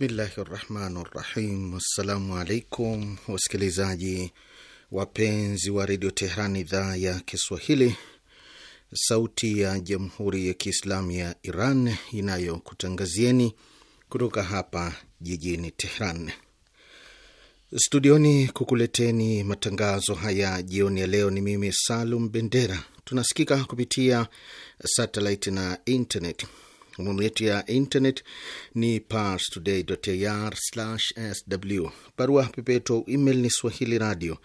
Bismillahi rahmani rahim. Assalamu alaikum wasikilizaji wapenzi wa redio Tehran, idhaa ya Kiswahili, sauti ya jamhuri ya kiislamu ya Iran inayokutangazieni kutoka hapa jijini Tehran studioni kukuleteni matangazo haya jioni ya leo. Ni mimi Salum Bendera. Tunasikika kupitia satellite na internet. Anwani yetu ya internet ni parstoday.ir/sw. Barua au email ni swahili radio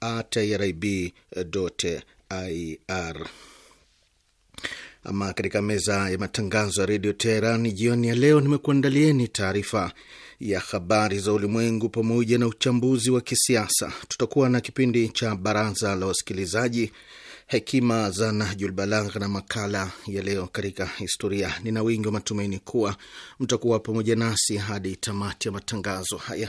at irib.ir. Ama katika meza ya matangazo ya redio teheran jioni ya leo, nimekuandalieni taarifa ya habari za ulimwengu pamoja na uchambuzi wa kisiasa. Tutakuwa na kipindi cha baraza la wasikilizaji hekima za Nahjul Balagh na makala ya leo katika historia. Nina wingi wa matumaini kuwa mtakuwa pamoja nasi hadi tamati ya matangazo haya.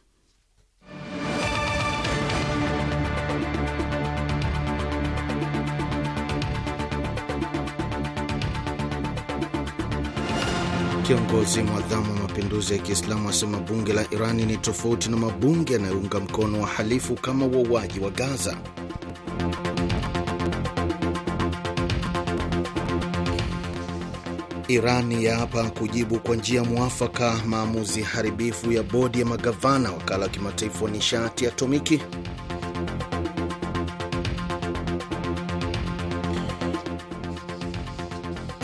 Kiongozi mwadhamu wa mapinduzi ya Kiislamu asema bunge la Irani ni tofauti na mabunge yanayounga mkono wahalifu kama wauaji wa Gaza. Irani yaapa kujibu kwa njia mwafaka maamuzi haribifu ya bodi ya magavana wakala wa kimataifa wa nishati atomiki.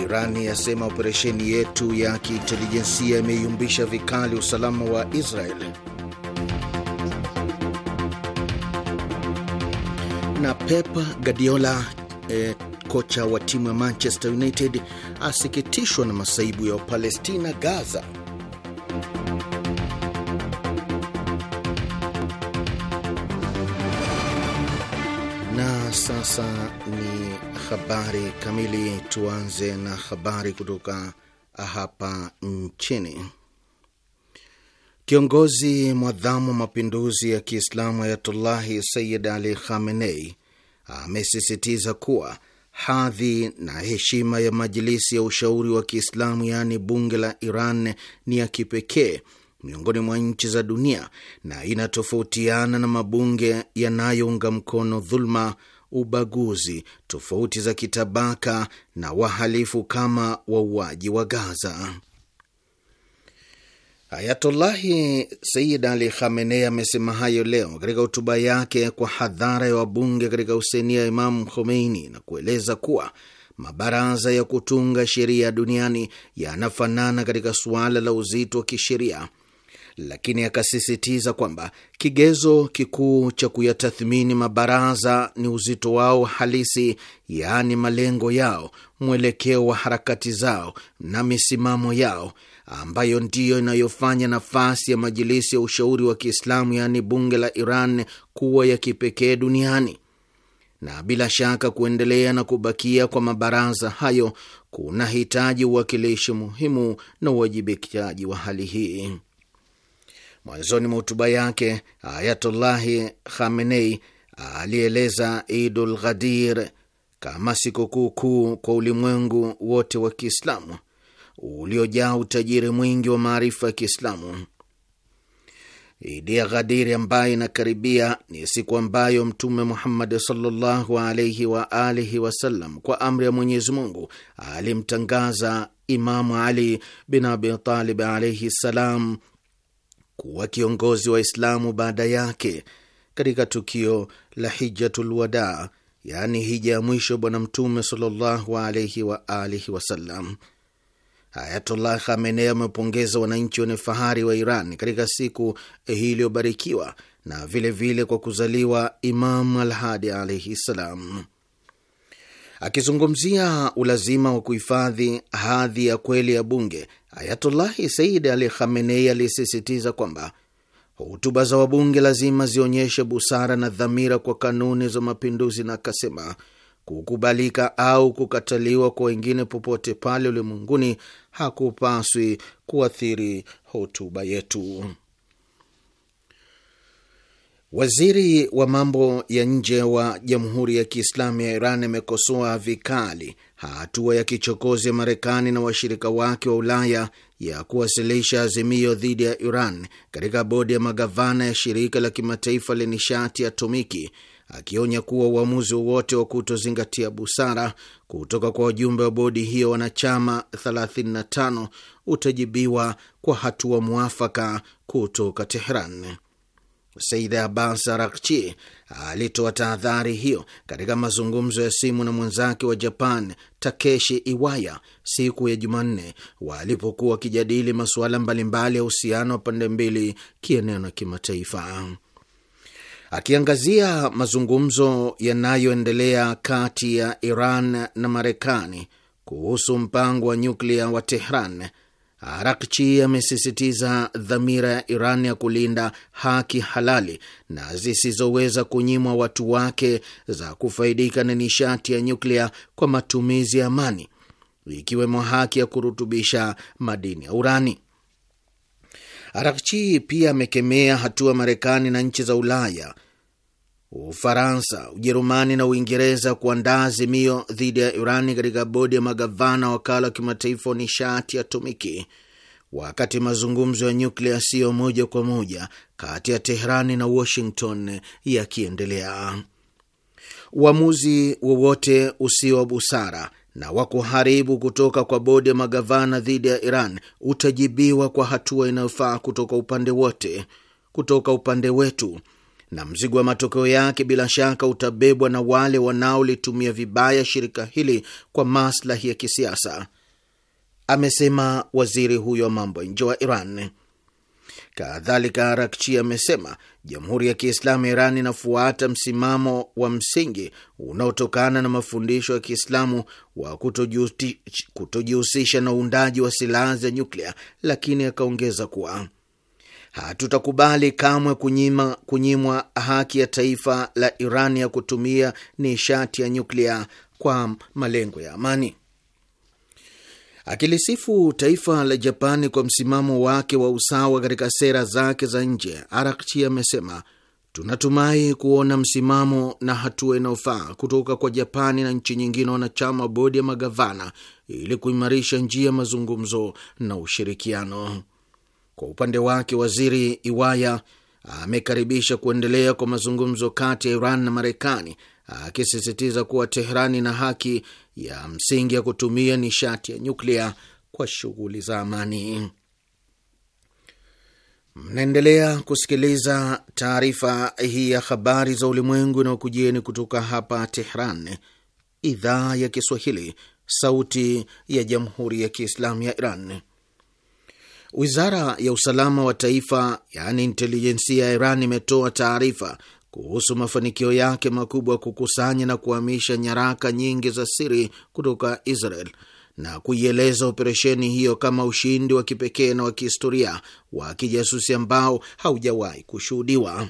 Iran yasema operesheni yetu ya kiintelijensia imeyumbisha vikali usalama wa Israel. Na Pep Guardiola eh, kocha wa timu ya Manchester United asikitishwa na masaibu ya Palestina Gaza. Na sasa ni habari kamili. Tuanze na habari kutoka hapa nchini. Kiongozi mwadhamu wa mapinduzi ya Kiislamu Ayatullahi Sayyid Ali Khamenei amesisitiza kuwa hadhi na heshima ya Majilisi ya Ushauri wa Kiislamu, yaani bunge la Iran, ni ya kipekee miongoni mwa nchi za dunia na inatofautiana na mabunge yanayounga mkono dhuluma ubaguzi, tofauti za kitabaka na wahalifu kama wauaji wa Gaza. Ayatollahi Sayid Ali Khamenei amesema hayo leo katika hotuba yake kwa hadhara ya wabunge katika huseni ya Imamu Khomeini na kueleza kuwa mabaraza ya kutunga sheria duniani yanafanana katika suala la uzito wa kisheria lakini akasisitiza kwamba kigezo kikuu cha kuyatathmini mabaraza ni uzito wao halisi, yaani malengo yao, mwelekeo wa harakati zao na misimamo yao, ambayo ndiyo inayofanya nafasi ya Majilisi ya Ushauri wa Kiislamu, yaani bunge la Iran, kuwa ya kipekee duniani. Na bila shaka kuendelea na kubakia kwa mabaraza hayo kuna hitaji uwakilishi muhimu na uwajibikaji wa hali hii. Mwanzoni mwa hotuba yake Ayatullahi Khamenei alieleza Idul Ghadir kama sikukuu kuu kwa ulimwengu wote wa Kiislamu uliojaa utajiri mwingi wa maarifa ya Kiislamu. Idi ya Ghadiri ambayo inakaribia ni siku ambayo Mtume Muhammad sallallahu alaihi wa alihi wasallam kwa amri ya Mwenyezi Mungu alimtangaza Imamu Ali bin Abi Talib alaihi ssalam kuwa kiongozi wa Islamu baada yake. Katika tukio la Hijatul Wadaa, yaani hija ya mwisho, Bwana Mtume sallallahu alaihi wa alihi wasallam, Ayatullah Khamenei amepongeza wananchi wenye fahari wa Iran katika siku hii iliyobarikiwa na vilevile vile kwa kuzaliwa Imam Alhadi alaihi ssalam. Akizungumzia ulazima wa kuhifadhi hadhi ya kweli ya bunge Ayatullahi Said Ali Khamenei alisisitiza kwamba hotuba za wabunge lazima zionyeshe busara na dhamira kwa kanuni za mapinduzi, na akasema kukubalika au kukataliwa kwa wengine popote pale ulimwenguni hakupaswi kuathiri hotuba yetu. Waziri wa mambo ya nje wa Jamhuri ya Kiislamu ya Iran amekosoa vikali hatua ya kichokozi ya Marekani na washirika wake wa Ulaya ya kuwasilisha azimio dhidi ya Iran katika bodi ya magavana ya shirika la kimataifa la nishati atomiki, akionya kuwa uamuzi wowote wa kutozingatia busara kutoka kwa wajumbe wa bodi hiyo wanachama 35 utajibiwa kwa hatua mwafaka kutoka Tehran. Said Abbas Arakchi alitoa tahadhari hiyo katika mazungumzo ya simu na mwenzake wa Japan Takeshi Iwaya siku ya Jumanne walipokuwa wakijadili masuala mbalimbali ya uhusiano wa pande mbili kieneo na kimataifa. Akiangazia mazungumzo yanayoendelea kati ya Iran na Marekani kuhusu mpango wa nyuklia wa Tehran, Arakchi amesisitiza dhamira ya Iran ya kulinda haki halali na zisizoweza kunyimwa watu wake za kufaidika na nishati ya nyuklia kwa matumizi ya amani, ikiwemo haki ya kurutubisha madini ya urani. Arakchi pia amekemea hatua Marekani na nchi za Ulaya Ufaransa, Ujerumani na Uingereza kuandaa azimio dhidi ya Irani katika bodi ya magavana wakala wa kimataifa wa nishati atomiki, wakati mazungumzo ya nyuklia siyo moja kwa moja kati ya Teherani na Washington yakiendelea. Uamuzi wowote usio wa busara na wa kuharibu kutoka kwa bodi ya magavana dhidi ya Iran utajibiwa kwa hatua inayofaa kutoka upande wote, kutoka upande wetu na mzigo wa matokeo yake bila shaka utabebwa na wale wanaolitumia vibaya shirika hili kwa maslahi ya kisiasa, amesema waziri huyo wa mambo ya nje wa Iran. Kadhalika, Rakchi amesema jamhuri ya Kiislamu ya Iran inafuata msimamo wa msingi unaotokana na mafundisho ya Kiislamu wa kutojihusisha na uundaji wa silaha za nyuklia, lakini akaongeza kuwa Hatutakubali kamwe kunyima, kunyimwa haki ya taifa la Iran ya kutumia nishati ya nyuklia kwa malengo ya amani. Akilisifu taifa la Japani kwa msimamo wake wa usawa katika sera zake za nje, Arakchi amesema tunatumai kuona msimamo na hatua inayofaa kutoka kwa Japani na nchi nyingine wanachama wa bodi ya magavana ili kuimarisha njia ya mazungumzo na ushirikiano. Kwa upande wake, waziri Iwaya amekaribisha kuendelea kwa mazungumzo kati ya Iran na Marekani, akisisitiza kuwa Teherani ina haki ya msingi ya kutumia nishati ya nyuklia kwa shughuli za amani. Mnaendelea kusikiliza taarifa hii ya habari za ulimwengu inayokujieni kutoka hapa Tehran, idhaa ya Kiswahili, sauti ya jamhuri ya kiislamu ya Iran. Wizara ya usalama wa taifa, yaani intelijensia ya Iran, imetoa taarifa kuhusu mafanikio yake makubwa kukusanya na kuhamisha nyaraka nyingi za siri kutoka Israel na kuieleza operesheni hiyo kama ushindi wa kipekee na wa kihistoria wa kijasusi ambao haujawahi kushuhudiwa.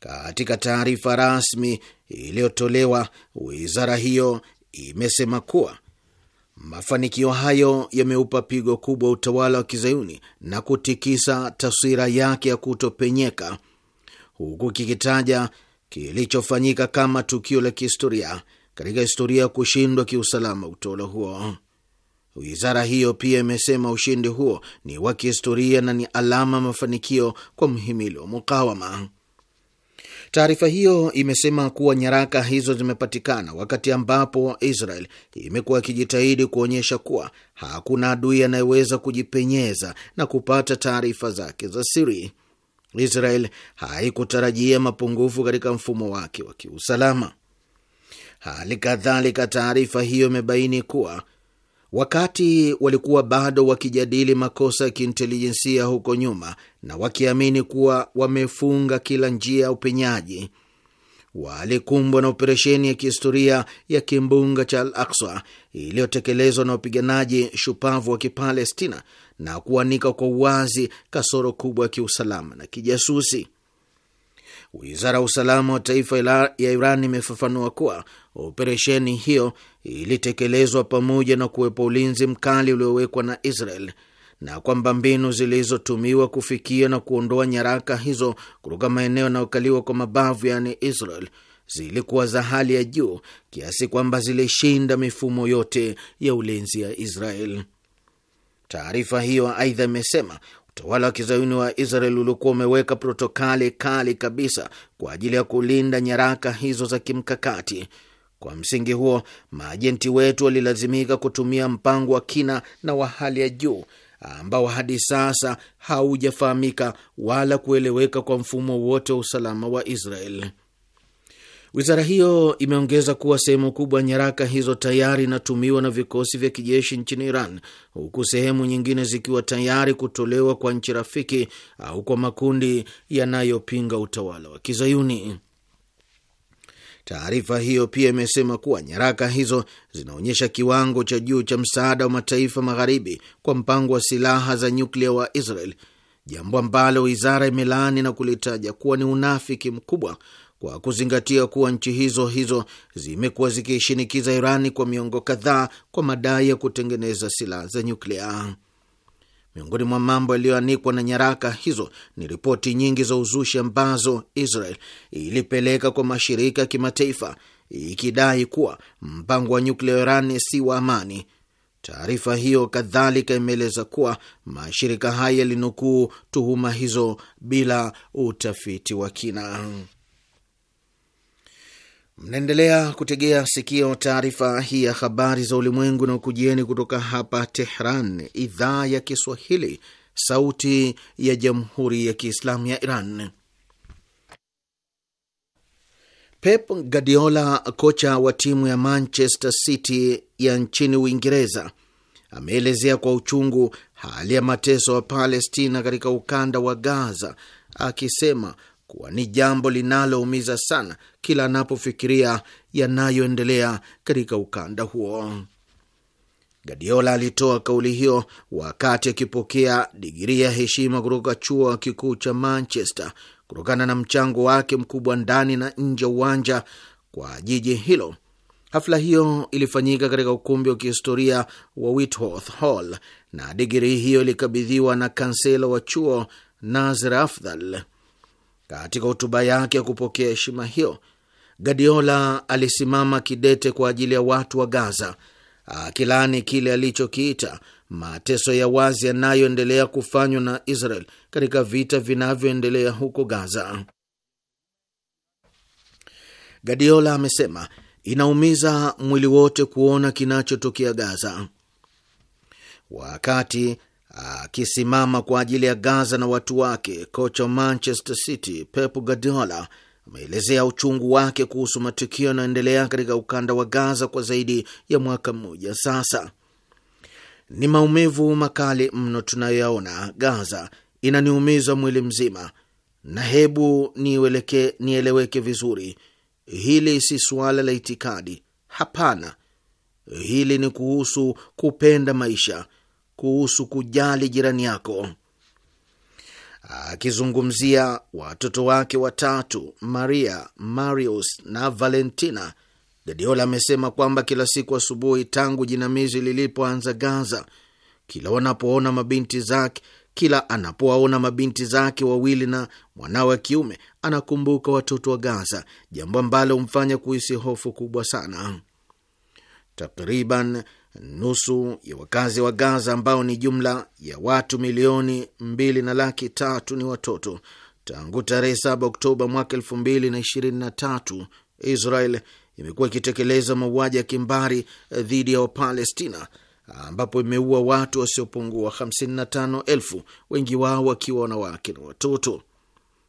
Katika taarifa rasmi iliyotolewa, wizara hiyo imesema kuwa Mafanikio hayo yameupa pigo kubwa utawala wa kizayuni na kutikisa taswira yake ya kutopenyeka, huku kikitaja kilichofanyika kama tukio la kihistoria katika historia ya kushindwa kiusalama utawala huo. Wizara hiyo pia imesema ushindi huo ni wa kihistoria na ni alama mafanikio kwa mhimili wa mukawama. Taarifa hiyo imesema kuwa nyaraka hizo zimepatikana wakati ambapo Israel imekuwa ikijitahidi kuonyesha kuwa hakuna adui anayeweza kujipenyeza na kupata taarifa zake za siri. Israel haikutarajia mapungufu katika mfumo wake wa kiusalama. Hali kadhalika, taarifa hiyo imebaini kuwa Wakati walikuwa bado wakijadili makosa ya kiintelijensia huko nyuma na wakiamini kuwa wamefunga kila njia ya upenyaji, walikumbwa na operesheni ya kihistoria ya kimbunga cha Al Aksa iliyotekelezwa na wapiganaji shupavu wa Kipalestina na kuanika kwa uwazi kasoro kubwa ya kiusalama na kijasusi. Wizara ya usalama wa taifa ya Iran imefafanua kuwa operesheni hiyo ilitekelezwa pamoja na kuwepo ulinzi mkali uliowekwa na Israel na kwamba mbinu zilizotumiwa kufikia na kuondoa nyaraka hizo kutoka maeneo yanayokaliwa kwa mabavu yaani Israel zilikuwa za hali ya juu kiasi kwamba zilishinda mifumo yote ya ulinzi ya Israel. Taarifa hiyo aidha imesema utawala wa kizayuni wa Israel uliokuwa umeweka protokali kali kabisa kwa ajili ya kulinda nyaraka hizo za kimkakati kwa msingi huo, maajenti wetu walilazimika kutumia mpango wa kina na wa hali ya juu ambao hadi sasa haujafahamika wala kueleweka kwa mfumo wote wa usalama wa Israel. Wizara hiyo imeongeza kuwa sehemu kubwa ya nyaraka hizo tayari inatumiwa na vikosi vya kijeshi nchini Iran, huku sehemu nyingine zikiwa tayari kutolewa kwa nchi rafiki au kwa makundi yanayopinga utawala wa Kizayuni. Taarifa hiyo pia imesema kuwa nyaraka hizo zinaonyesha kiwango cha juu cha msaada wa mataifa magharibi kwa mpango wa silaha za nyuklia wa Israel, jambo ambalo wizara imelaani na kulitaja kuwa ni unafiki mkubwa kwa kuzingatia kuwa nchi hizo hizo zimekuwa zikishinikiza Irani kwa miongo kadhaa kwa madai ya kutengeneza silaha za nyuklia. Miongoni mwa mambo yaliyoanikwa na nyaraka hizo ni ripoti nyingi za uzushi ambazo Israel ilipeleka kwa mashirika ya kimataifa ikidai kuwa mpango wa nyuklia wa Iran si wa amani. Taarifa hiyo kadhalika imeeleza kuwa mashirika haya yalinukuu tuhuma hizo bila utafiti wa kina. Mnaendelea kutegea sikio taarifa hii ya habari za ulimwengu na ukujieni kutoka hapa Tehran, idhaa ya Kiswahili, sauti ya jamhuri ya kiislamu ya Iran. Pep Guardiola, kocha wa timu ya Manchester City ya nchini Uingereza, ameelezea kwa uchungu hali ya mateso wa Palestina katika ukanda wa Gaza, akisema kuwa ni jambo linaloumiza sana kila anapofikiria yanayoendelea katika ukanda huo. Guardiola alitoa kauli hiyo wakati akipokea digirii ya heshima kutoka chuo kikuu cha Manchester kutokana na mchango wake mkubwa ndani na nje ya uwanja kwa jiji hilo. Hafla hiyo ilifanyika katika ukumbi wa kihistoria wa Whitworth Hall na digirii hiyo ilikabidhiwa na kansela wa chuo Nazir Afdhal. Katika hotuba yake ya kupokea heshima hiyo, Guardiola alisimama kidete kwa ajili ya watu wa Gaza, akilaani kile alichokiita mateso ya wazi yanayoendelea kufanywa na Israel katika vita vinavyoendelea huko Gaza. Guardiola amesema inaumiza mwili wote kuona kinachotokea Gaza. Wakati akisimama kwa ajili ya Gaza na watu wake, kocha wa Manchester City Pep Guardiola ameelezea uchungu wake kuhusu matukio yanayoendelea katika ukanda wa Gaza kwa zaidi ya mwaka mmoja sasa. Ni maumivu makali mno tunayoyaona Gaza, inaniumiza mwili mzima, na hebu niweleke, nieleweke vizuri, hili si suala la itikadi. Hapana, hili ni kuhusu kupenda maisha kuhusu kujali jirani yako. Akizungumzia watoto wake watatu Maria, Marius na Valentina, Guardiola amesema kwamba kila siku asubuhi tangu jinamizi lilipoanza Gaza, kila wanapoona mabinti zake kila anapowaona mabinti zake wawili na mwanawe wa kiume anakumbuka watoto wa Gaza, jambo ambalo humfanya kuhisi hofu kubwa sana. Takriban nusu ya wakazi wa Gaza ambao ni jumla ya watu milioni mbili na laki tatu ni watoto. Tangu tarehe 7 Oktoba mwaka 2023 Israel imekuwa ikitekeleza mauaji ya kimbari dhidi ya Wapalestina ambapo imeua watu wasiopungua 55 wengi wao wakiwa wanawake na watoto.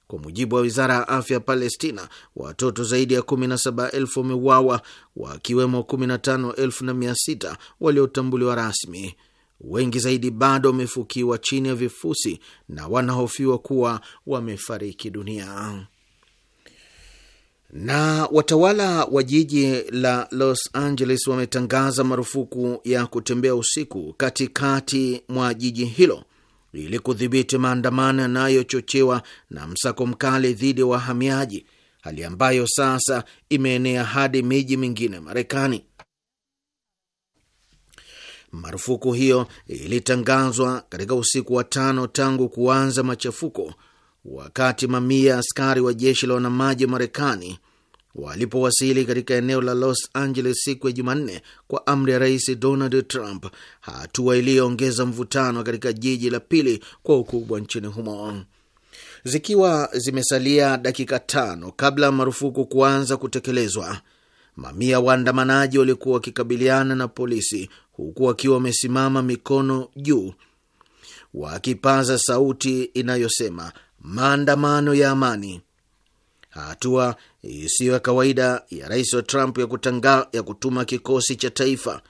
Kwa mujibu wa wizara ya afya ya Palestina, watoto zaidi ya 17,000 wameuawa wakiwemo 15,600 waliotambuliwa rasmi. Wengi zaidi bado wamefukiwa chini ya vifusi na wanahofiwa kuwa wamefariki dunia. Na watawala wa jiji la Los Angeles wametangaza marufuku ya kutembea usiku katikati mwa jiji hilo ili kudhibiti maandamano yanayochochewa na msako mkali dhidi ya wahamiaji, hali ambayo sasa imeenea hadi miji mingine ya Marekani. Marufuku hiyo ilitangazwa katika usiku wa tano tangu kuanza machafuko, wakati mamia ya askari wa jeshi la wanamaji Marekani walipowasili katika eneo la Los Angeles siku ya Jumanne kwa amri ya Rais Donald Trump, hatua iliyoongeza mvutano katika jiji la pili kwa ukubwa nchini humo. Zikiwa zimesalia dakika tano kabla ya marufuku kuanza kutekelezwa, mamia waandamanaji walikuwa wakikabiliana na polisi huku wakiwa wamesimama mikono juu, wakipaza sauti inayosema maandamano ya amani. Hatua isiyo ya kawaida ya rais wa Trump ya, kutanga, ya kutuma kikosi cha taifa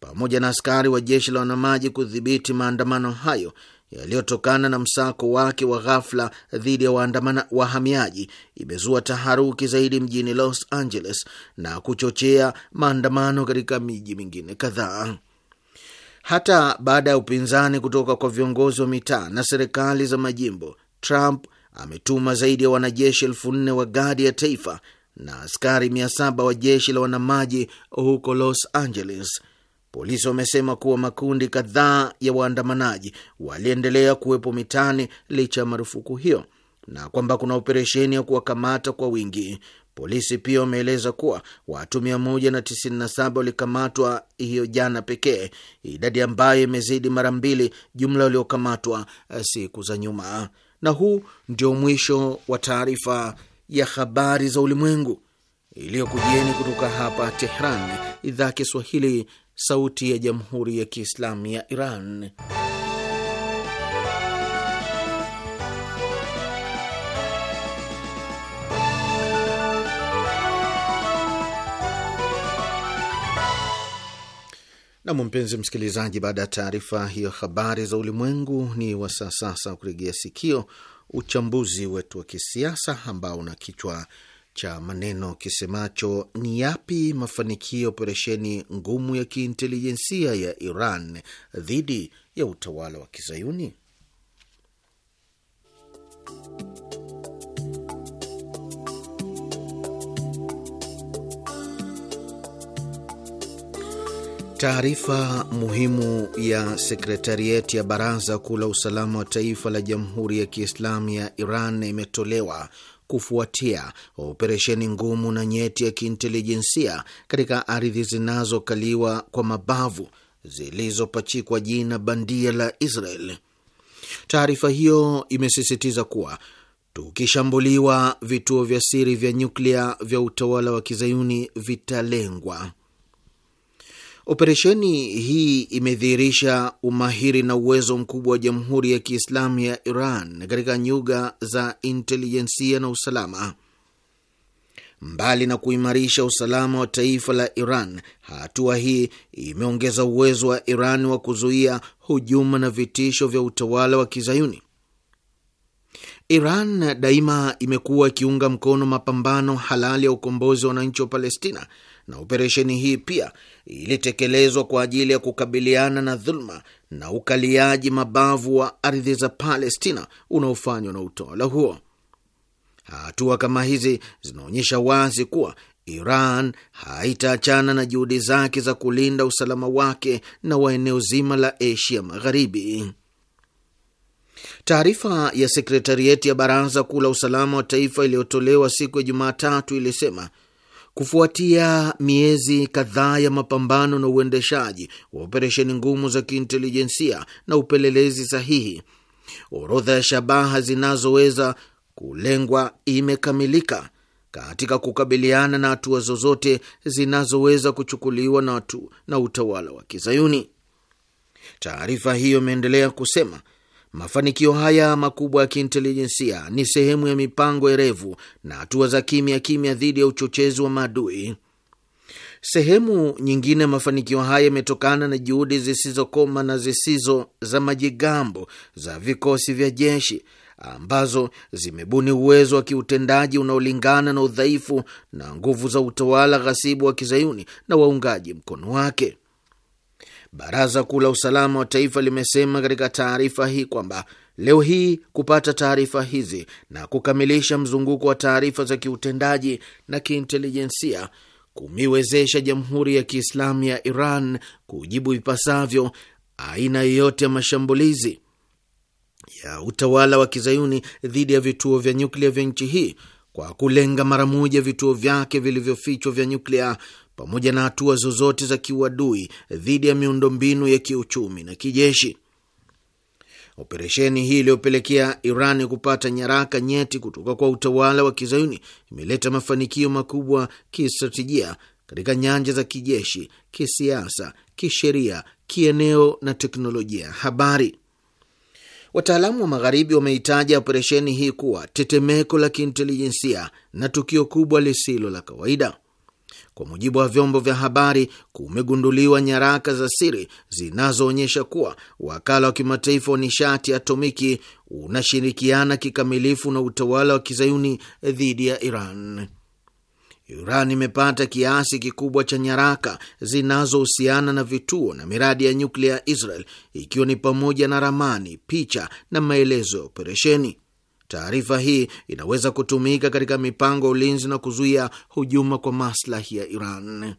pamoja na askari wa jeshi la wanamaji kudhibiti maandamano hayo yaliyotokana na msako wake wa ghafla dhidi ya waandamana wahamiaji imezua taharuki zaidi mjini Los Angeles na kuchochea maandamano katika miji mingine kadhaa. Hata baada ya upinzani kutoka kwa viongozi wa mitaa na serikali za majimbo, Trump ametuma zaidi ya wanajeshi elfu nne wa gadi ya taifa na askari saba wa jeshi la wanamaji huko Los Angeles. Polisi wamesema kuwa makundi kadhaa ya waandamanaji waliendelea kuwepo mitaani licha ya marufuku hiyo na kwamba kuna operesheni ya kuwakamata kwa wingi. Polisi pia wameeleza kuwa watu 197 walikamatwa hiyo jana pekee, idadi ambayo imezidi mara mbili jumla waliokamatwa eh, siku za nyuma na huu ndio mwisho wa taarifa ya habari za ulimwengu iliyokujieni kutoka hapa Tehran, idhaa ya Kiswahili, sauti ya jamhuri ya kiislamu ya Iran. Nam, mpenzi msikilizaji, baada ya taarifa hiyo habari za ulimwengu, ni sasa kurejea sikio uchambuzi wetu wa kisiasa ambao una kichwa cha maneno kisemacho ni yapi mafanikio operesheni ngumu ya kiintelijensia ya Iran dhidi ya utawala wa Kizayuni. Taarifa muhimu ya sekretarieti ya Baraza Kuu la Usalama wa Taifa la Jamhuri ya Kiislamu ya Iran imetolewa kufuatia operesheni ngumu na nyeti ya kiintelijensia katika ardhi zinazokaliwa kwa mabavu zilizopachikwa jina bandia la Israel. Taarifa hiyo imesisitiza kuwa tukishambuliwa, vituo vya siri vya nyuklia vya utawala wa kizayuni vitalengwa. Operesheni hii imedhihirisha umahiri na uwezo mkubwa wa Jamhuri ya Kiislamu ya Iran katika nyuga za intelijensia na usalama. Mbali na kuimarisha usalama wa taifa la Iran, hatua hii imeongeza uwezo wa Iran wa kuzuia hujuma na vitisho vya utawala wa Kizayuni. Iran daima imekuwa ikiunga mkono mapambano halali ya ukombozi wa wananchi wa Palestina na operesheni hii pia ilitekelezwa kwa ajili ya kukabiliana na dhuluma na ukaliaji mabavu wa ardhi za Palestina unaofanywa na utawala huo. Hatua kama hizi zinaonyesha wazi kuwa Iran haitaachana na juhudi zake za kulinda usalama wake na wa eneo zima la Asia Magharibi. Taarifa ya sekretarieti ya Baraza Kuu la Usalama wa Taifa iliyotolewa siku ya Jumatatu ilisema Kufuatia miezi kadhaa ya mapambano na uendeshaji wa operesheni ngumu za kiintelijensia na upelelezi sahihi, orodha ya shabaha zinazoweza kulengwa imekamilika katika kukabiliana na hatua zozote zinazoweza kuchukuliwa na, na utawala wa Kizayuni. Taarifa hiyo imeendelea kusema Mafanikio haya makubwa ya kiintelijensia ni sehemu ya mipango erevu na hatua za kimya kimya dhidi ya uchochezi wa maadui. Sehemu nyingine ya mafanikio haya imetokana na juhudi zisizokoma na zisizo za majigambo za vikosi vya jeshi ambazo zimebuni uwezo wa kiutendaji unaolingana na udhaifu na nguvu za utawala ghasibu wa kizayuni na waungaji mkono wake. Baraza Kuu la Usalama wa Taifa limesema katika taarifa hii kwamba leo hii kupata taarifa hizi na kukamilisha mzunguko wa taarifa za kiutendaji na kiintelijensia kumiwezesha Jamhuri ya Kiislamu ya Iran kujibu vipasavyo aina yoyote ya mashambulizi ya utawala wa kizayuni dhidi ya vituo vya nyuklia vya nchi hii kwa kulenga mara moja vituo vyake vilivyofichwa vya nyuklia pamoja na hatua zozote za kiuadui dhidi ya miundombinu ya kiuchumi na kijeshi. Operesheni hii iliyopelekea Iran kupata nyaraka nyeti kutoka kwa utawala wa kizayuni imeleta mafanikio makubwa kistratejia katika nyanja za kijeshi, kisiasa, kisheria, kieneo na teknolojia ya habari. Wataalamu wa Magharibi wameitaja operesheni hii kuwa tetemeko la kiintelijensia na tukio kubwa lisilo la kawaida. Kwa mujibu wa vyombo vya habari, kumegunduliwa nyaraka za siri zinazoonyesha kuwa wakala wa kimataifa wa nishati ya atomiki unashirikiana kikamilifu na utawala wa kizayuni dhidi ya Iran. Iran imepata kiasi kikubwa cha nyaraka zinazohusiana na vituo na miradi ya nyuklia ya Israel, ikiwa ni pamoja na ramani, picha na maelezo ya operesheni. Taarifa hii inaweza kutumika katika mipango ya ulinzi na kuzuia hujuma kwa maslahi ya Iran.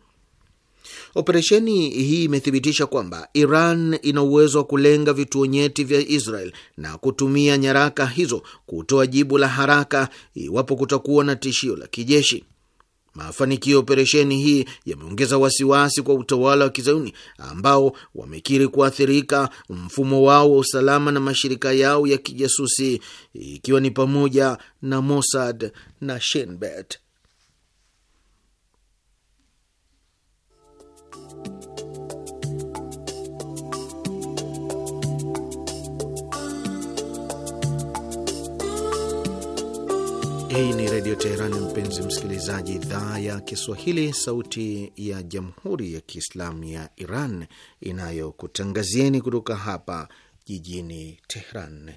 Operesheni hii imethibitisha kwamba Iran ina uwezo wa kulenga vituo nyeti vya Israel na kutumia nyaraka hizo kutoa jibu la haraka iwapo kutakuwa na tishio la kijeshi. Mafanikio ya operesheni hii yameongeza wasiwasi kwa utawala wa kizayuni ambao wamekiri kuathirika mfumo wao wa usalama na mashirika yao ya kijasusi ikiwa ni pamoja na Mossad na Shin Bet. Hii ni Redio Teherani, mpenzi msikilizaji, idhaa ya Kiswahili, sauti ya Jamhuri ya Kiislamu ya Iran inayokutangazieni kutoka hapa jijini Teheran.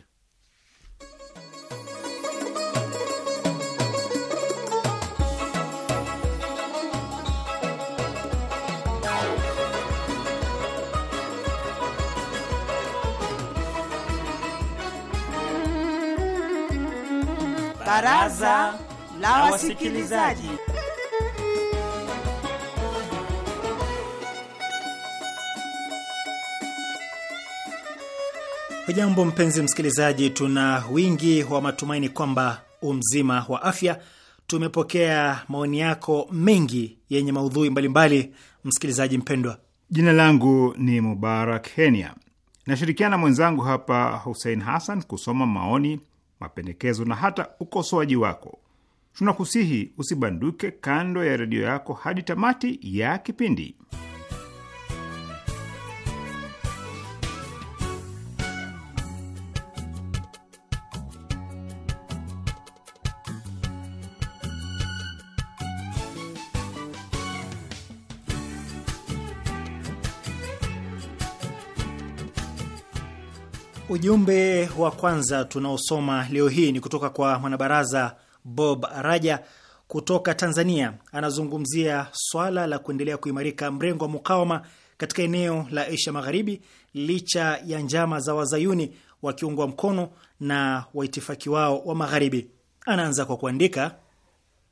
Baraza la Wasikilizaji. Hujambo mpenzi msikilizaji, tuna wingi wa matumaini kwamba umzima wa afya. Tumepokea maoni yako mengi yenye maudhui mbalimbali mbali, msikilizaji mpendwa. Jina langu ni Mubarak Henia, nashirikiana mwenzangu hapa Hussein Hassan kusoma maoni mapendekezo na hata ukosoaji wako. Tunakusihi usibanduke kando ya redio yako hadi tamati ya kipindi. Ujumbe wa kwanza tunaosoma leo hii ni kutoka kwa mwanabaraza Bob Raja kutoka Tanzania. Anazungumzia swala la kuendelea kuimarika mrengo wa mukawama katika eneo la Asia Magharibi licha ya njama za wazayuni wakiungwa mkono na waitifaki wao wa Magharibi. Anaanza kwa kuandika,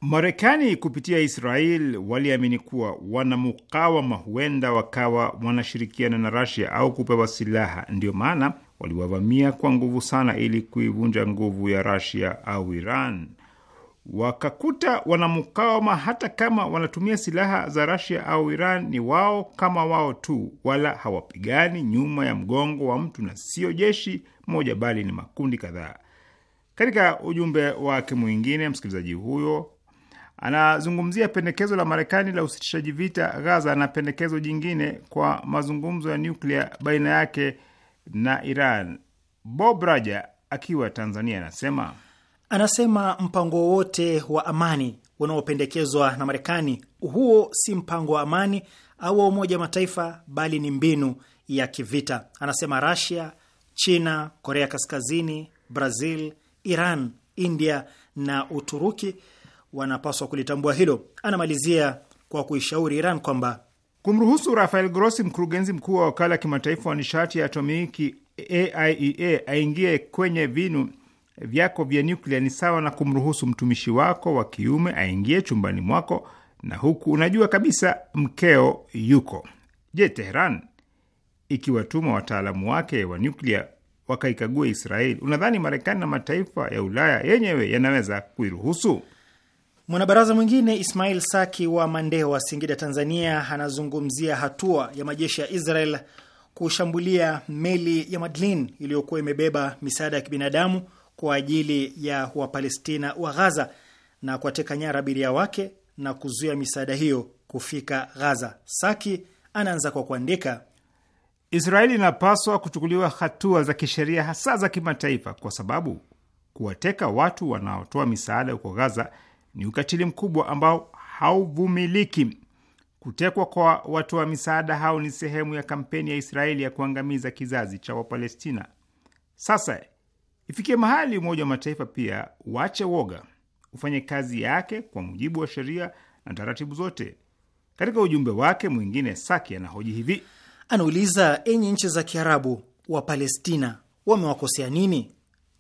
Marekani kupitia Israel waliamini kuwa wanamukawama huenda wakawa wanashirikiana na Rasia au kupewa silaha, ndiyo maana waliwavamia kwa nguvu sana ili kuivunja nguvu ya Rasia au Iran. Wakakuta wanamukawama hata kama wanatumia silaha za Rasia au Iran, ni wao kama wao tu, wala hawapigani nyuma ya mgongo wa mtu na sio jeshi moja, bali ni makundi kadhaa. Katika ujumbe wake mwingine, msikilizaji huyo anazungumzia pendekezo la Marekani la usitishaji vita Gaza na pendekezo jingine kwa mazungumzo ya nyuklia baina yake na Iran. Bob Raja akiwa Tanzania anasema anasema mpango wowote wa amani unaopendekezwa na Marekani, huo si mpango wa amani au wa Umoja wa Mataifa, bali ni mbinu ya kivita. Anasema Rasia, China, Korea Kaskazini, Brazil, Iran, India na Uturuki wanapaswa kulitambua hilo. Anamalizia kwa kuishauri Iran kwamba Kumruhusu Rafael Grossi, mkurugenzi mkuu wa wakala ya kimataifa wa nishati ya atomiki AIEA, e, aingie kwenye vinu vyako vya nyuklia ni sawa na kumruhusu mtumishi wako wa kiume aingie chumbani mwako na huku unajua kabisa mkeo yuko. Je, Teheran ikiwatuma wataalamu wake wa nyuklia wakaikagua Israeli, unadhani Marekani na mataifa ya Ulaya yenyewe yanaweza kuiruhusu? Mwanabaraza mwingine Ismail Saki wa Mandeo wa Singida, Tanzania, anazungumzia hatua ya majeshi ya Israel kushambulia meli ya Madlin iliyokuwa imebeba misaada ya kibinadamu kwa ajili ya Wapalestina wa Ghaza na kuwateka nyara abiria wake na kuzuia misaada hiyo kufika Ghaza. Saki anaanza kwa kuandika, Israeli inapaswa kuchukuliwa hatua za kisheria, hasa za kimataifa, kwa sababu kuwateka watu wanaotoa misaada huko Ghaza ni ukatili mkubwa ambao hauvumiliki. Kutekwa kwa watoa misaada hao ni sehemu ya kampeni ya Israeli ya kuangamiza kizazi cha Wapalestina. Sasa ifikie mahali Umoja wa Mataifa pia wache woga, ufanye kazi yake kwa mujibu wa sheria na taratibu zote. Katika ujumbe wake mwingine, Saki anahoji hivi, anauliza: enyi nchi za Kiarabu, Wapalestina wamewakosea nini?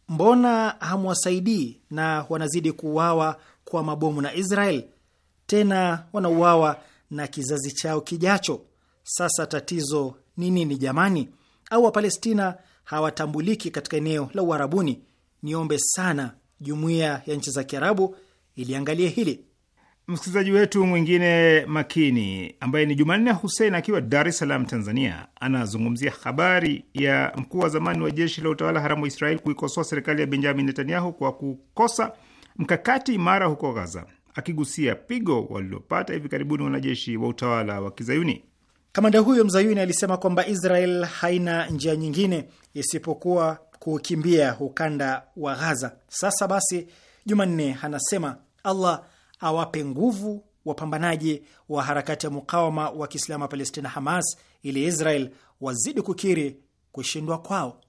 Mbona hamwasaidii na wanazidi kuuawa kwa mabomu na Israel, tena wanauawa na kizazi chao kijacho. Sasa tatizo ni nini jamani? Au Wapalestina hawatambuliki katika eneo la Uarabuni? Niombe sana jumuiya ya nchi za Kiarabu iliangalie hili. Msikilizaji wetu mwingine makini ambaye ni Jumanne Husein akiwa Dar es Salaam, Tanzania, anazungumzia habari ya mkuu wa zamani wa jeshi la utawala haramu wa Israel kuikosoa serikali ya Benjamin Netanyahu kwa kukosa mkakati imara huko Gaza, akigusia pigo walilopata hivi karibuni wanajeshi wa utawala wa Kizayuni. Kamanda huyo mzayuni alisema kwamba Israel haina njia nyingine isipokuwa kukimbia ukanda wa Ghaza. Sasa basi, Jumanne anasema Allah awape nguvu wapambanaji wa harakati ya mukawama wa Kiislamu wa Palestina, Hamas, ili Israel wazidi kukiri kushindwa kwao.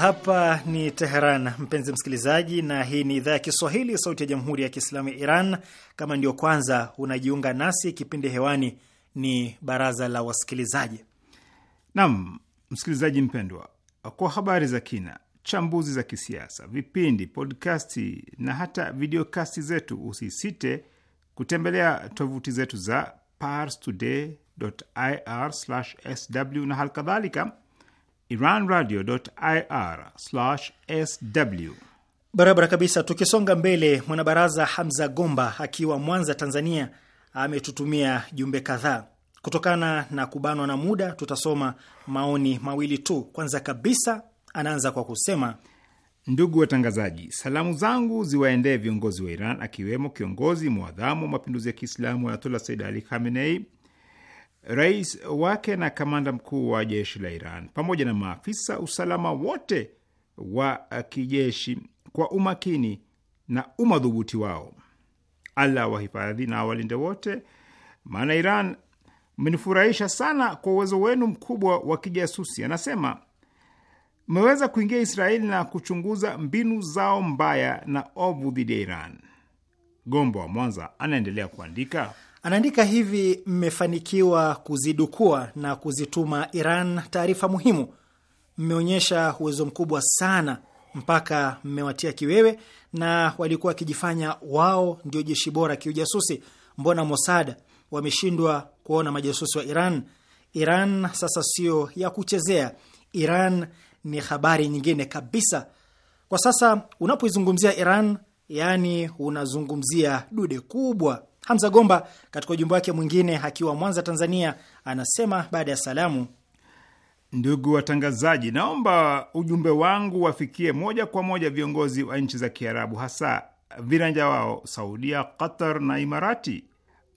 Hapa ni Teheran, mpenzi msikilizaji, na hii ni idhaa ya Kiswahili, sauti ya jamhuri ya kiislamu ya Iran. Kama ndio kwanza unajiunga nasi, kipindi hewani ni baraza la wasikilizaji. Naam, msikilizaji mpendwa, kwa habari za kina, chambuzi za kisiasa, vipindi, podkasti na hata videokasti zetu, usisite kutembelea tovuti zetu za parstoday.ir/sw na halikadhalika iranradio.ir/sw. Barabara kabisa. Tukisonga mbele, mwanabaraza Hamza Gomba akiwa Mwanza, Tanzania, ametutumia jumbe kadhaa. Kutokana na kubanwa na muda, tutasoma maoni mawili tu. Kwanza kabisa, anaanza kwa kusema Ndugu watangazaji, salamu zangu ziwaendee viongozi wa Iran akiwemo kiongozi mwadhamu wa mapinduzi ya Kiislamu Ayatola Said Ali Khamenei, rais wake na kamanda mkuu wa jeshi la Iran pamoja na maafisa usalama wote wa kijeshi kwa umakini na umadhubuti wao. Allah wahifadhi na walinde wote, maana Iran mmenifurahisha sana kwa uwezo wenu mkubwa wa kijasusi. Anasema mmeweza kuingia Israeli na kuchunguza mbinu zao mbaya na ovu dhidi ya Iran. Gombo wa Mwanza anaendelea kuandika Anaandika hivi: mmefanikiwa kuzidukua na kuzituma Iran taarifa muhimu. Mmeonyesha uwezo mkubwa sana mpaka mmewatia kiwewe, na walikuwa wakijifanya wao ndio jeshi bora kiujasusi. Mbona Mossad wameshindwa kuona majasusi wa Iran? Iran sasa sio ya kuchezea. Iran ni habari nyingine kabisa. Kwa sasa unapoizungumzia Iran, yaani unazungumzia dude kubwa Hamza Gomba katika ujumbe wake mwingine akiwa Mwanza, Tanzania, anasema baada ya salamu, ndugu watangazaji, naomba ujumbe wangu wafikie moja kwa moja viongozi wa nchi za Kiarabu, hasa viranja wao Saudia, Qatar na Imarati.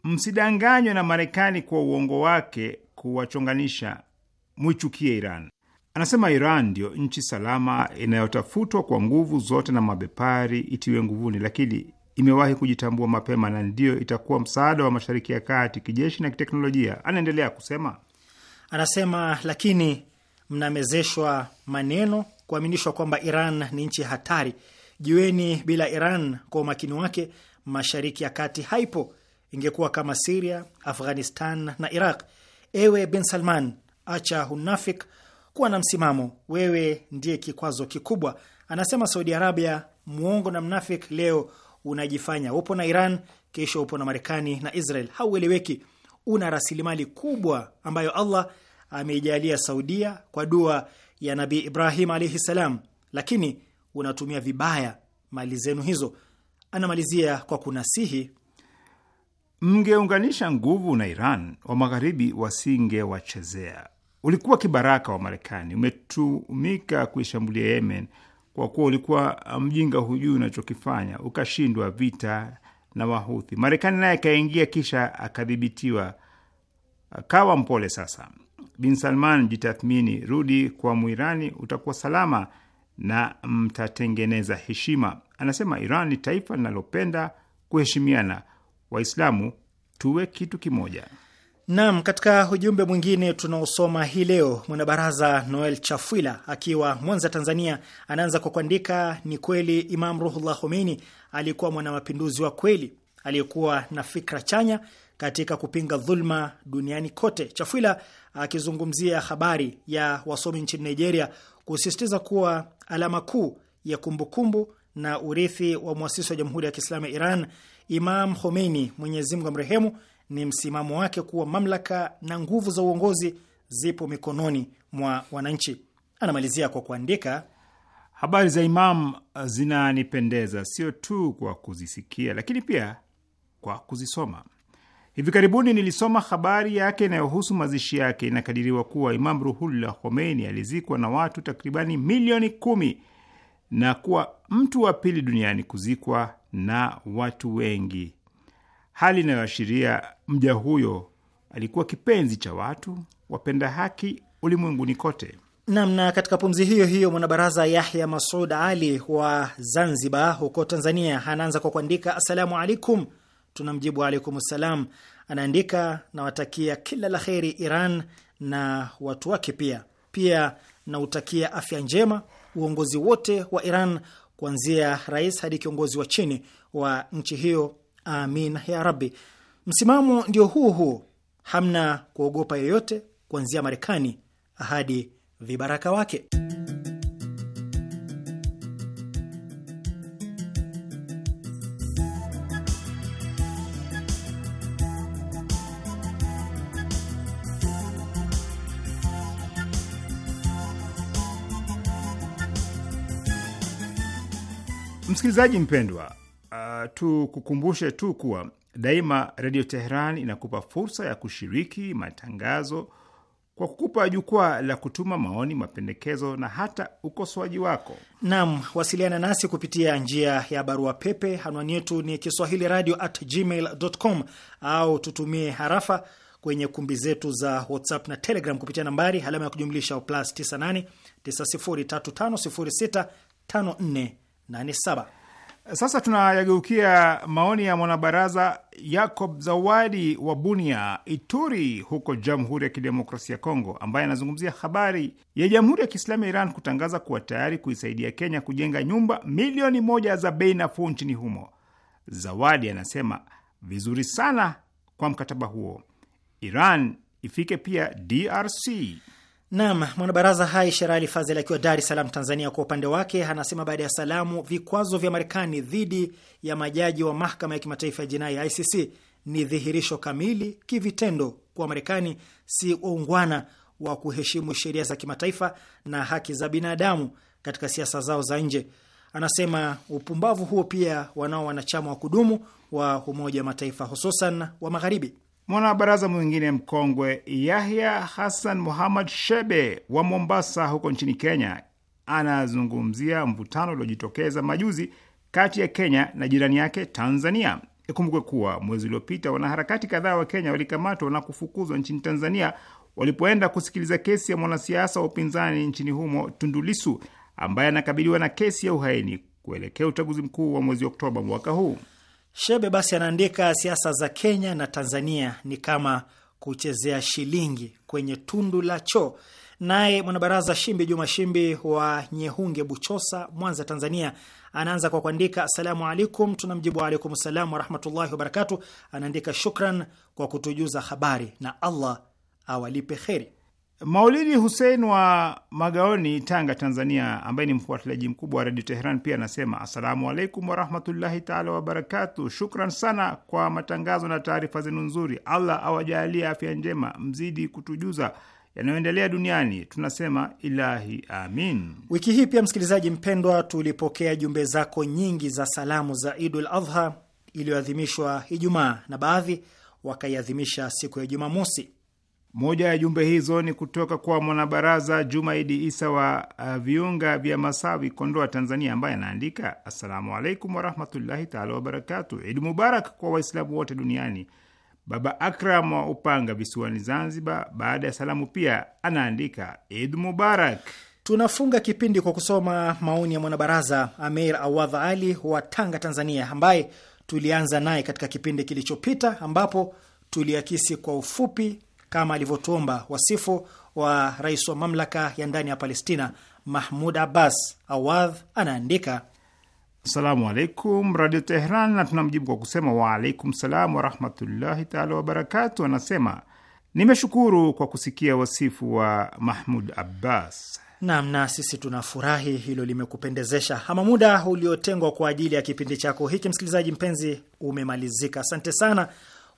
Msidanganywe na Marekani kwa uongo wake kuwachonganisha, mwichukie Iran. Anasema Iran ndiyo nchi salama inayotafutwa kwa nguvu zote na mabepari itiwe nguvuni, lakini imewahi kujitambua mapema na ndiyo itakuwa msaada wa Mashariki ya Kati kijeshi na kiteknolojia. Anaendelea kusema, anasema lakini mnamezeshwa maneno kuaminishwa kwamba Iran ni nchi hatari. Jueni, bila Iran kwa umakini wake Mashariki ya Kati haipo, ingekuwa kama Siria, Afghanistan na Iraq. Ewe Bin Salman, acha hunafik, kuwa na msimamo, wewe ndiye kikwazo kikubwa. Anasema Saudi Arabia, mwongo na mnafik, leo unajifanya upo na Iran, kesho upo na Marekani na Israel. Haueleweki. Una rasilimali kubwa ambayo Allah ameijalia Saudia kwa dua ya Nabii Ibrahim alaihi salam, lakini unatumia vibaya mali zenu hizo. Anamalizia kwa kunasihi, mngeunganisha nguvu na Iran, wa magharibi wasingewachezea. Ulikuwa kibaraka wa Marekani, umetumika kuishambulia Yemen kwa kuwa ulikuwa ah, mjinga, hujui unachokifanya, ukashindwa vita na Wahuthi. Marekani naye akaingia, kisha akadhibitiwa, kawa mpole. Sasa Bin Salman, jitathmini, rudi kwa Mwirani, utakuwa salama na mtatengeneza heshima. Anasema Iran ni taifa linalopenda kuheshimiana. Waislamu tuwe kitu kimoja. Naam, katika ujumbe mwingine tunaosoma hii leo, mwanabaraza Noel Chafwila akiwa Mwanza, Tanzania, anaanza kwa kuandika: ni kweli Imam Ruhullah Khomeini alikuwa mwanamapinduzi wa kweli aliyekuwa na fikra chanya katika kupinga dhulma duniani kote. Chafwila akizungumzia habari ya wasomi nchini Nigeria kusisitiza kuwa alama kuu ya kumbukumbu kumbu na urithi wa mwasisi wa Jamhuri ya Kiislamu ya Iran Imam Khomeini, Mwenyezi Mungu amrehemu, ni msimamo wake kuwa mamlaka na nguvu za uongozi zipo mikononi mwa wananchi. Anamalizia kwa kuandika, habari za Imam zinanipendeza sio tu kwa kuzisikia, lakini pia kwa kuzisoma. Hivi karibuni nilisoma habari yake inayohusu mazishi yake. Inakadiriwa kuwa Imam Ruhullah Khomeini alizikwa na watu takribani milioni kumi na kuwa mtu wa pili duniani kuzikwa na watu wengi hali inayoashiria mja huyo alikuwa kipenzi cha watu wapenda haki ulimwenguni kote. Namna katika pumzi hiyo hiyo, mwanabaraza Yahya Masud Ali wa Zanzibar huko Tanzania anaanza kwa kuandika assalamu alaikum. Tunamjibu alaikum salam. Anaandika nawatakia kila la kheri Iran na watu wake, pia pia nautakia afya njema uongozi wote wa Iran kuanzia rais hadi kiongozi wa chini wa nchi hiyo Amin ya Rabbi. Msimamo ndio huo huo, hamna kuogopa yoyote, kuanzia Marekani hadi vibaraka wake. Msikilizaji mpendwa tukukumbushe tu kuwa daima Redio Teheran inakupa fursa ya kushiriki matangazo kwa kukupa jukwaa la kutuma maoni, mapendekezo na hata ukosoaji wako. Naam, wasiliana nasi kupitia njia ya barua pepe. Anwani yetu ni kiswahili radio at gmail com, au tutumie harafa kwenye kumbi zetu za WhatsApp na Telegram kupitia nambari alama ya kujumlisha plus 98 9035065487. Sasa tunayageukia maoni ya mwanabaraza Yacob Zawadi wa Bunia, Ituri, huko Jamhuri ya Kidemokrasia ya Kongo, ambaye anazungumzia habari ya Jamhuri ya Kiislamu ya Iran kutangaza kuwa tayari kuisaidia Kenya kujenga nyumba milioni moja za bei nafuu nchini humo. Zawadi anasema vizuri sana kwa mkataba huo, Iran ifike pia DRC. Naam, mwanabaraza hai Sherali Fazel akiwa Dar es Salaam, Tanzania, kwa upande wake anasema, baada ya salamu, vikwazo vya Marekani dhidi ya majaji wa mahakama ya kimataifa ya jinai ya ICC ni dhihirisho kamili kivitendo kuwa Marekani si waungwana wa kuheshimu sheria za kimataifa na haki za binadamu katika siasa zao za nje. Anasema upumbavu huo pia wanao wanachama wa kudumu wa Umoja wa Mataifa, hususan wa Magharibi. Mwanabaraza mwingine mkongwe Yahya Hassan Muhammad Shebe wa Mombasa huko nchini Kenya anazungumzia mvutano uliojitokeza majuzi kati ya Kenya na jirani yake Tanzania. Ikumbukwe kuwa mwezi uliopita wanaharakati kadhaa wa Kenya walikamatwa na kufukuzwa nchini Tanzania walipoenda kusikiliza kesi ya mwanasiasa wa upinzani nchini humo Tundulisu ambaye anakabiliwa na kesi ya uhaini kuelekea uchaguzi mkuu wa mwezi Oktoba mwaka huu. Shebe basi anaandika, siasa za Kenya na Tanzania ni kama kuchezea shilingi kwenye tundu la choo. Naye mwanabaraza Shimbi Juma Shimbi wa Nyehunge, Buchosa, Mwanza, Tanzania, anaanza kwa kuandika asalamu alaikum. tuna wa alaikum salam warahmatullahi wabarakatu. Anaandika shukran kwa kutujuza habari na Allah awalipe kheri. Maulidi Husein wa Magaoni, Tanga, Tanzania, ambaye ni mfuatiliaji mkubwa wa redio Teheran pia anasema assalamu alaikum warahmatullahi taala wabarakatu. Shukran sana kwa matangazo na taarifa zenu nzuri. Allah awajalie afya njema, mzidi kutujuza yanayoendelea duniani. Tunasema ilahi amin. Wiki hii pia, msikilizaji mpendwa, tulipokea jumbe zako nyingi za salamu za Idul Adha iliyoadhimishwa Ijumaa na baadhi wakaiadhimisha siku ya Jumamosi. Moja ya jumbe hizo ni kutoka kwa mwanabaraza Jumaidi Isa wa uh, viunga vya Masawi, Kondoa, Tanzania, ambaye anaandika assalamu alaikum warahmatullahi taala wabarakatu. Idi mubarak kwa Waislamu wote duniani. Baba Akram wa Upanga visiwani Zanzibar, baada ya salamu pia anaandika Idi mubarak. Tunafunga kipindi kwa kusoma maoni ya mwanabaraza Amir Awadh Ali wa Tanga, Tanzania, ambaye tulianza naye katika kipindi kilichopita ambapo tuliakisi kwa ufupi kama alivyotuomba wasifu wa rais wa mamlaka ya ndani ya Palestina Mahmud Abbas. Awadh anaandika Assalamu alaikum Radio Tehran, na tunamjibu kwa kusema waalaikum salam warahmatullahi taala wabarakatu. Anasema nimeshukuru kwa kusikia wasifu wa Mahmud Abbas. Naam, na sisi tunafurahi hilo limekupendezesha. Ama muda uliotengwa kwa ajili ya kipindi chako hiki, msikilizaji mpenzi, umemalizika. Asante sana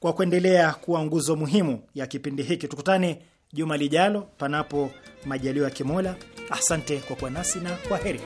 kwa kuendelea kuwa nguzo muhimu ya kipindi hiki. Tukutane juma lijalo, panapo majaliwa ya Kimola. Asante kwa kuwa nasi na kwa heri.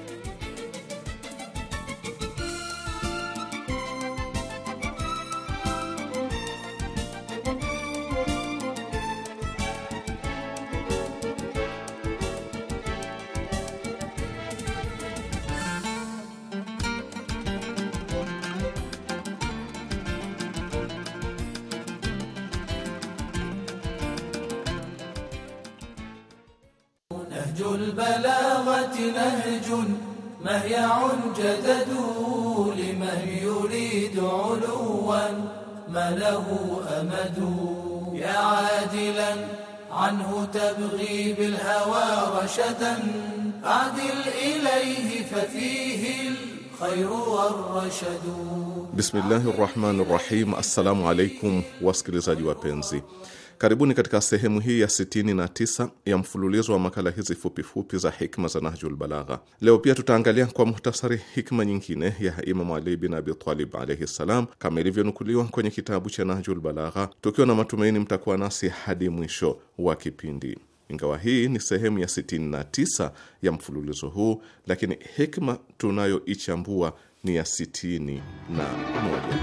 Bismillahi rahmani rahim. Assalamu alaikum wasikilizaji wapenzi, karibuni katika sehemu hii ya 69 ya mfululizo wa makala hizi fupifupi za hikma za Nahjul Balagha. Leo pia tutaangalia kwa muhtasari hikma nyingine ya Imamu Ali bin Abi Talib alaihi ssalam, kama ilivyonukuliwa kwenye kitabu cha Nahjul Balagha, tukiwa na matumaini mtakuwa nasi hadi mwisho wa kipindi. Ingawa hii ni sehemu ya 69 ya mfululizo huu, lakini hikma tunayoichambua ni ya sitini na moja.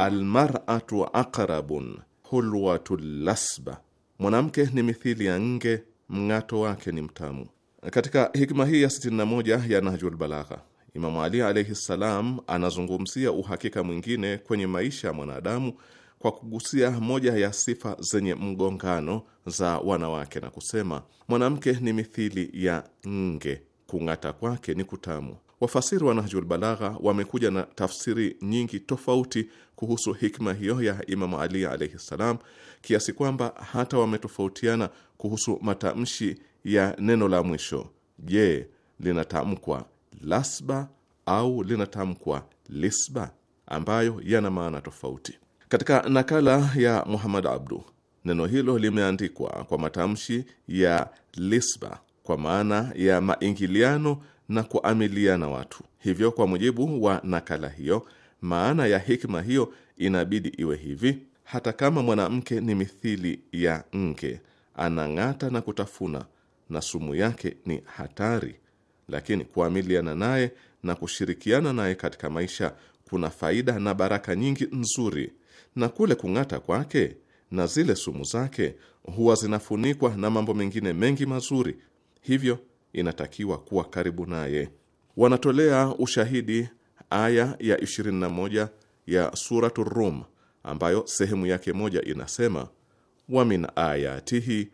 Almaratu aqrabun hulwatulasba, mwanamke ni mithili ya nge, mng'ato wake ni mtamu. Katika hikma hii ya 61 ya Nahjul Balagha, Imamu Ali alaihi ssalam anazungumzia uhakika mwingine kwenye maisha ya mwanadamu kwa kugusia moja ya sifa zenye mgongano za wanawake na kusema, mwanamke ni mithili ya nge, kung'ata kwake ni kutamu Wafasiri wa Nahjul Balagha wamekuja na tafsiri nyingi tofauti kuhusu hikma hiyo ya Imamu Ali alaihi ssalam, kiasi kwamba hata wametofautiana kuhusu matamshi ya neno la mwisho. Je, linatamkwa lasba au linatamkwa lisba, ambayo yana maana tofauti. Katika nakala ya Muhammad Abdu, neno hilo limeandikwa kwa matamshi ya lisba kwa maana ya maingiliano na kuamiliana watu. Hivyo, kwa mujibu wa nakala hiyo, maana ya hikma hiyo inabidi iwe hivi: hata kama mwanamke ni mithili ya nge, anang'ata na kutafuna na sumu yake ni hatari, lakini kuamiliana naye na kushirikiana naye katika maisha kuna faida na baraka nyingi nzuri, na kule kung'ata kwake na zile sumu zake huwa zinafunikwa na mambo mengine mengi mazuri. Hivyo inatakiwa kuwa karibu naye. Wanatolea ushahidi aya ya 21 ya Suratu Rum ambayo sehemu yake moja inasema, wa min ayatihi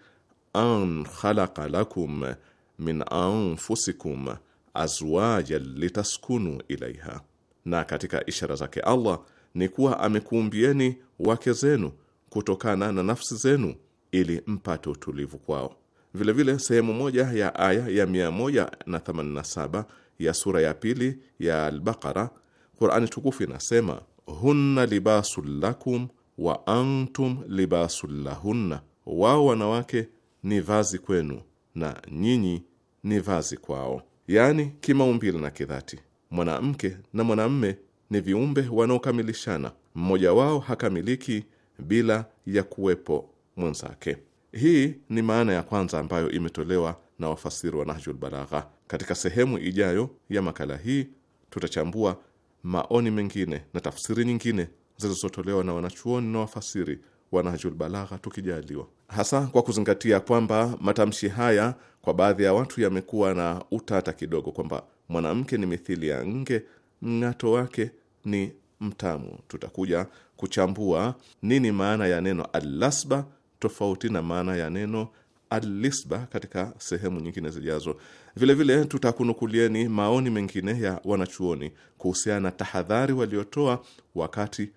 an khalaqa lakum min anfusikum azwaja litaskunu ilaiha, na katika ishara zake Allah ni kuwa amekuumbieni wake zenu kutokana na nafsi zenu ili mpate utulivu kwao. Vilevile sehemu moja ya aya ya 187 ya sura ya pili ya Albaqara, Qurani tukufu inasema hunna libasul lakum wa antum libasul lahunna, wao wanawake ni vazi kwenu na nyinyi ni vazi kwao, yaani kimaumbile na kidhati. Mwanamke na mwanamme ni viumbe wanaokamilishana, mmoja wao hakamiliki bila ya kuwepo mwenzake. Hii ni maana ya kwanza ambayo imetolewa na wafasiri wa Nahjul Balagha. Katika sehemu ijayo ya makala hii tutachambua maoni mengine na tafsiri nyingine zilizotolewa na wanachuoni na wafasiri wa Nahjul Balagha tukijaliwa, hasa kwa kuzingatia kwamba matamshi haya kwa baadhi ya watu yamekuwa na utata kidogo, kwamba mwanamke ni mithili ya nge, mng'ato wake ni mtamu. Tutakuja kuchambua nini maana ya neno allasba tofauti na maana ya neno alisba katika sehemu nyingine zijazo. Vilevile tutakunukulieni maoni mengine ya wanachuoni kuhusiana na tahadhari waliotoa wakati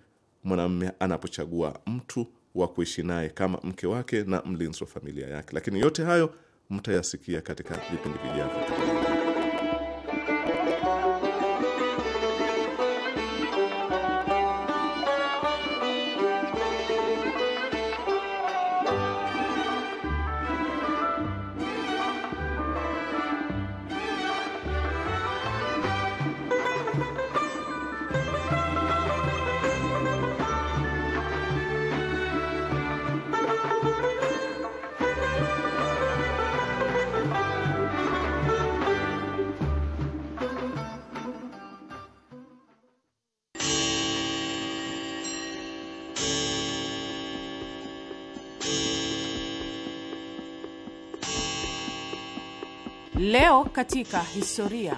mwanamume anapochagua mtu wa kuishi naye kama mke wake na mlinzi wa familia yake. Lakini yote hayo mtayasikia katika vipindi vijavyo. Leo katika historia.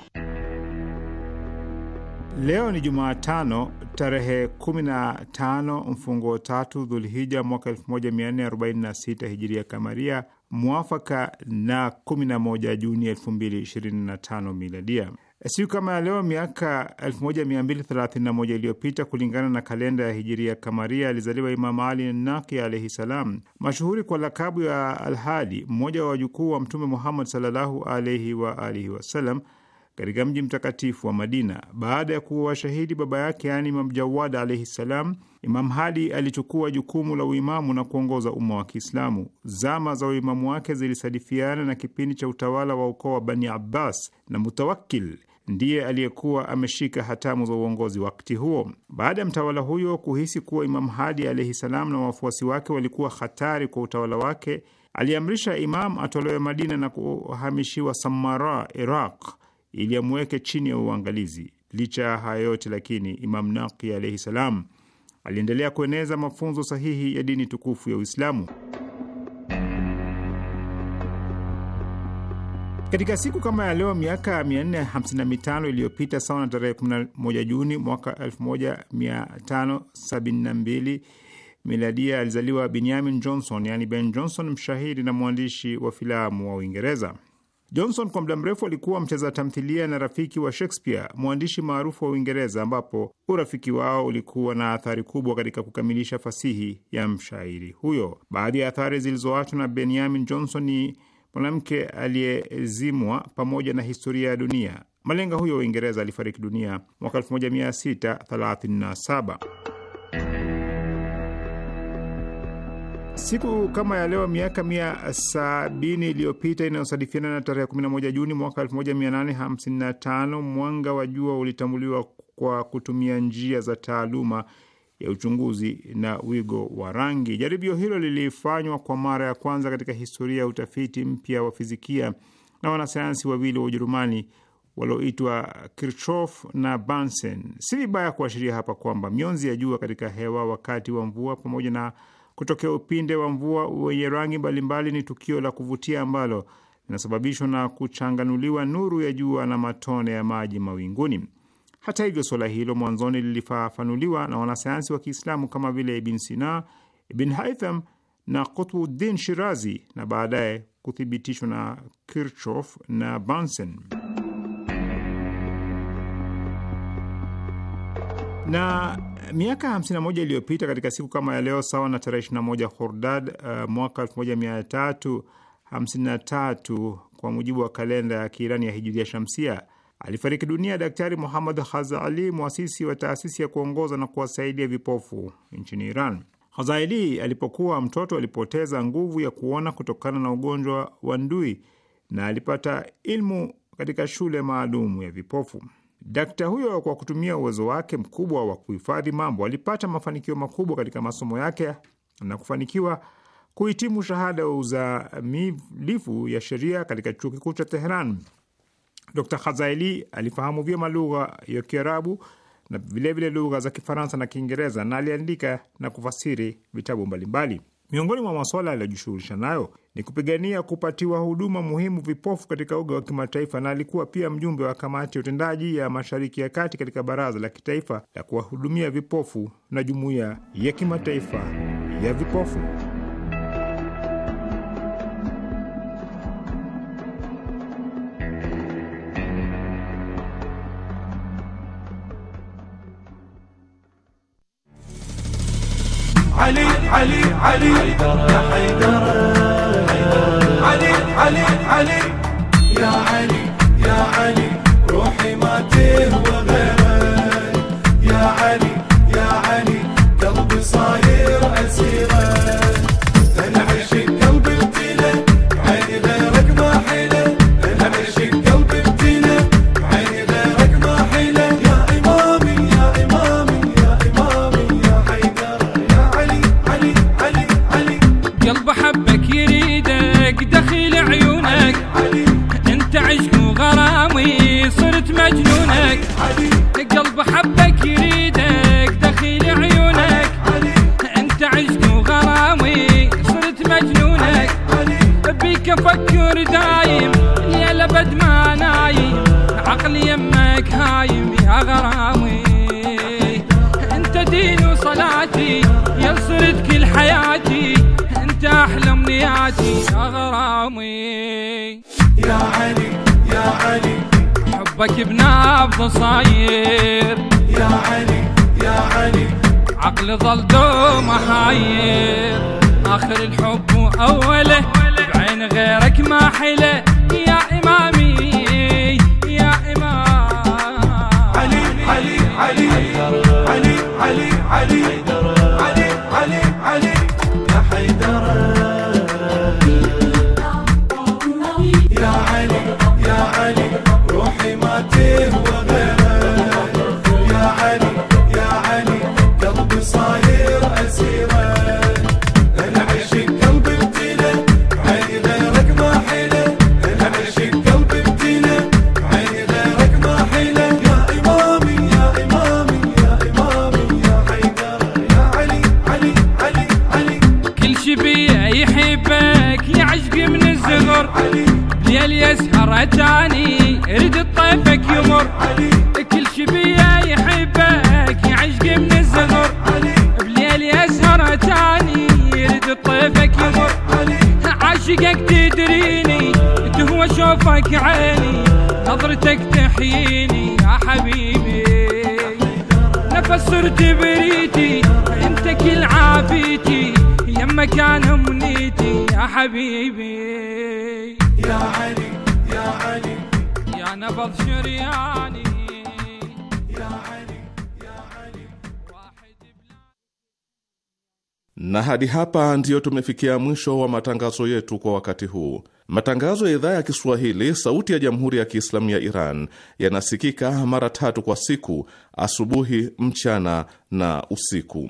Leo ni Jumatano tarehe 15 mfungo tatu Dhulhija mwaka 1446 hijiria kamaria, mwafaka na 11 Juni 2025 miladia. Siku kama ya leo miaka 1231 iliyopita kulingana na kalenda ya hijiria kamaria, alizaliwa Imam Ali Naki alaihi salam, mashuhuri kwa lakabu ya Alhadi, mmoja wa wajukuu wa Mtume Muhammad sallallahu alaihi wa alihi wasalam, katika mji mtakatifu wa Madina. Baada ya kuwa washahidi baba yake, yaani Imam Jawad alaihi salam, Imam Hadi alichukua jukumu la uimamu na kuongoza umma wa Kiislamu. Zama za uimamu wake zilisadifiana na kipindi cha utawala wa ukoo wa Bani Abbas na Mutawakil ndiye aliyekuwa ameshika hatamu za uongozi wakati huo. Baada ya mtawala huyo kuhisi kuwa Imam Hadi alaihi salam na wafuasi wake walikuwa hatari kwa utawala wake, aliamrisha Imam atolewe Madina na kuhamishiwa Samara, Iraq, ili amweke chini ya uangalizi. Licha ya haya yote lakini, Imam Naqi alaihi salam aliendelea kueneza mafunzo sahihi ya dini tukufu ya Uislamu. Katika siku kama ya leo miaka 455 iliyopita, sawa na tarehe 11 Juni mwaka 1572 miladia, alizaliwa Benyamin Johnson, yani Ben Johnson, mshahidi na mwandishi wa filamu wa Uingereza. Johnson kwa muda mrefu alikuwa mcheza tamthilia na rafiki wa Shakespeare, mwandishi maarufu wa Uingereza, ambapo urafiki wao ulikuwa na athari kubwa katika kukamilisha fasihi ya mshairi huyo. Baadhi ya athari zilizoachwa na Benyamin Johnson ni mwanamke aliyezimwa pamoja na historia ya dunia. Malenga huyo wa Uingereza alifariki dunia mwaka 1637. Siku kama ya leo miaka mia sabini iliyopita inayosadifiana na tarehe 11 Juni mwaka 1855, mwanga wa jua ulitambuliwa kwa kutumia njia za taaluma ya uchunguzi na wigo wa rangi. Jaribio hilo lilifanywa kwa mara ya kwanza katika historia ya utafiti mpya wa fizikia na wanasayansi wawili wa Ujerumani walioitwa Kirchhoff na Bunsen. Si vibaya kuashiria hapa kwamba mionzi ya jua katika hewa wakati wa mvua pamoja na kutokea upinde wa mvua wenye rangi mbalimbali ni tukio la kuvutia ambalo linasababishwa na kuchanganuliwa nuru ya jua na matone ya maji mawinguni. Hata hivyo, suala hilo mwanzoni lilifafanuliwa na wanasayansi wa Kiislamu kama vile Ibn Sina, Ibn Haitham na Kutbuddin Shirazi na baadaye kuthibitishwa na Kirchhoff na Bunsen. Na miaka 51 iliyopita katika siku kama ya leo, sawa na tarehe 21 Khordad uh, mwaka 1353 kwa mujibu wa kalenda ya Kiirani ya Hijiria Shamsia, alifariki dunia Daktari Muhammad Khazaali, mwasisi wa taasisi ya kuongoza na kuwasaidia vipofu nchini Iran. Khazaali alipokuwa mtoto alipoteza nguvu ya kuona kutokana na ugonjwa wa ndui na alipata ilmu katika shule maalum ya vipofu. Dakta huyo kwa kutumia uwezo wake mkubwa wa kuhifadhi mambo alipata mafanikio makubwa katika masomo yake na kufanikiwa kuhitimu shahada ya uzamilifu ya sheria katika chuo kikuu cha Teheran. Dr Khazaeli alifahamu vyema lugha ya Kiarabu na vilevile lugha za Kifaransa na Kiingereza na aliandika na kufasiri vitabu mbalimbali. Miongoni mwa masuala aliyojishughulisha nayo ni kupigania kupatiwa huduma muhimu vipofu katika uga wa kimataifa, na alikuwa pia mjumbe wa kamati ya utendaji ya Mashariki ya Kati katika Baraza la Kitaifa la kuwahudumia vipofu na Jumuiya ya Kimataifa ya Vipofu. علي علي علي يا حيدر علي علي علي يا علي يا علي روحي ما تهوى غير حياتي أغرامي يا علي يا علي حبك بنبض صاير يا علي يا علي عقلي ظل دوم حاير آخر الحب وأوله بعين غيرك ما حله na hadi hapa ndiyo tumefikia mwisho wa matangazo yetu kwa wakati huu. Matangazo ya idhaa ya Kiswahili sauti ya jamhuri ya Kiislamu ya Iran yanasikika mara tatu kwa siku: asubuhi, mchana na usiku.